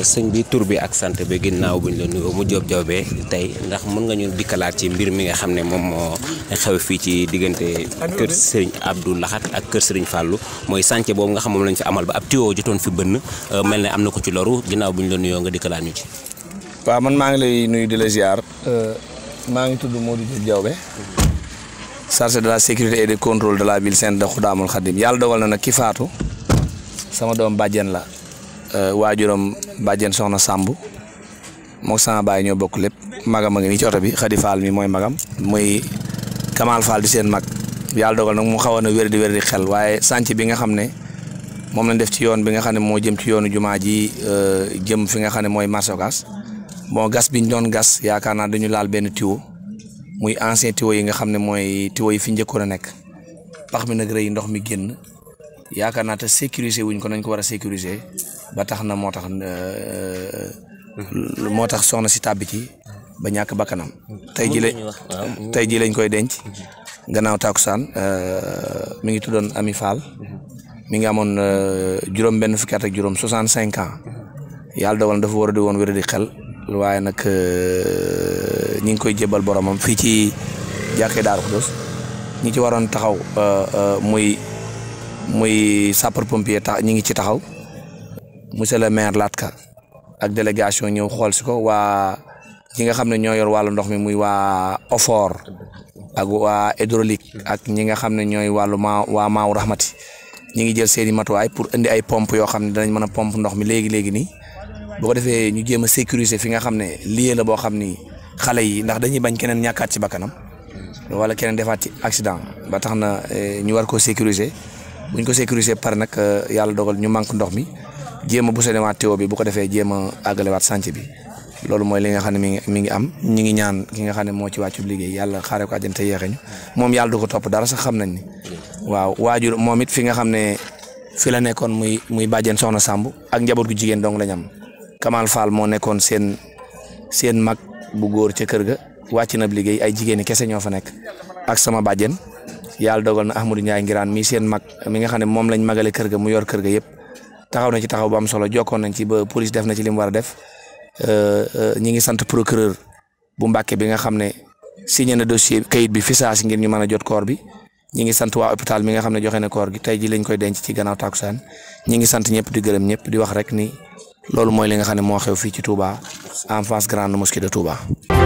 sëñ bi tur bi ak sant bi ginnaaw buñ la nuyoo mu joob Jawbe tey ndax mën nga ñu dikkalaat ci mbir mi nga xam ne moom moo xew fii ci diggante kër sëriñ Abdou Lahat ak kër sëriñ Fallou mooy sance boobu nga xam moom lañ ci amal ba ab tuyoo jotoon fi bënn euh, mel ne am na ko ci loru ginnaaw ñu la nuyoo nga dikkalaat ñu ci. waaw man maa ngi lay nuyu di la ziar. Euh, maa ngi tudd Modou Jóob Jawbe. chargé de la sécurité et de contrôle de la ville Sainte de Khoudamoul Khadim yàlla dogal na nag ki faatu sama doom bàjjen la. Euh, waajuram bàjjen soxna Samb moo sama baay ñoo bokk lépp magam a ngi nii ci oto bi Xadi Faal mi mooy magam mooy Kamal Faal di seen mag yàlla dogal nag mu xawoon a wér di xel waaye sànc bi nga xam ne moom lañ def ci yoon bi nga xam ne moo jëm ci yoonu jumaa ji euh, jëm fi nga xam ne mooy marché Ocass bon gas biñ doon gas yaakaar naa dañu laal benn tuyau muy ancien tuyau yi nga xam ne mooy tuyau yi fi njëkkoon a nekk pax mi nag rëy ndox mi génn yaakaar naat te sécuriser wuñ ko nañ ko war a sécuriser ba tax na moo tax euh, moo tax soxna si tàbbi ci ba ñàkk bakkanam tey ji lañ tey ji lañ koy denc gannaaw taakusaan euh, mu ngi tuddoon Ami Fall mi ngi amoon euh, juróom benn fukki ak juróom soixante cinq ans yàlla dogal dafa war a di woon wér di xel waaye nag ñi ngi koy jébbal boromam fii ci jàkkee Daaru Xudoos ñi ci waroon taxaw muy muy sapeur pompier tax ñi ngi ci taxaw monsieur le maire Latka ak délégation ñëw xool si ko waa ñi nga xam ne ñoo yor wàllu ndox mi muy waa OFOR ak waa hydraulique ak ñi nga xam ne ñooy wàllu ma waa maaw rahmati ñi ngi jël seeni matuwaay pour indi ay pompe yoo xam ne danañ mën a pompe ndox mi léegi léegi nii boo ko defee ñu jéem a sécuriser fi nga xam ne lié la boo xam ni xale yi ndax dañuy bañ keneen ñàkkaat ci bakkanam wala keneen defaat ci accident ba tax na eh, ñu war ko sécuriser buñ ko sécuriser pare nag eh, yàlla dogal ñu manque ndox mi jéem bu bousee waat tuyau bi bu ko defee jéem a àggalewaat sànc bi loolu mooy li nga xam ne mi ngi mi ngi am ñi ngi ñaan ki nga xam ne moo ci wàccu liggéey yàlla xaare ko àjjante yeexeñu moom yàlla du ko topp dara sax xam nañ ni waaw waajur moom it fi nga xam ne fi la nekkoon muy muy bàjjen soxna Samb ak njaboot gu jigéen dong la ñam Kamal Fall moo nekkoon seen seen mag bu góor ca kër ga wàcc na liggéey ay jigéen ñi kese ñoo fa nekk ak sama bàjjen yàlla dogal na Ahmadou Ndiaye ngiraan mi seen mag mi nga xam ne moom lañ magale kër ga mu yor kër ga yëpp taxaw na ci taxaw bu am solo jokkoon nañ ci ba police def na ci li mu war a def euh, euh, ñi ngi sant procureur bu Mbàkke bi nga xam ne signé na dossier kayit bi fi saasi ngir ñu mën a jot koor bi ñi ngi sant waa hôpital bi nga xam ne joxe na koor gi tey ji lañ koy denc ci gannaaw takusaan ñi ngi sant ñëpp di gërëm ñëpp di wax rek ni loolu mooy li nga xam ne moo xew fii ci Touba en face grande mosquée de Touba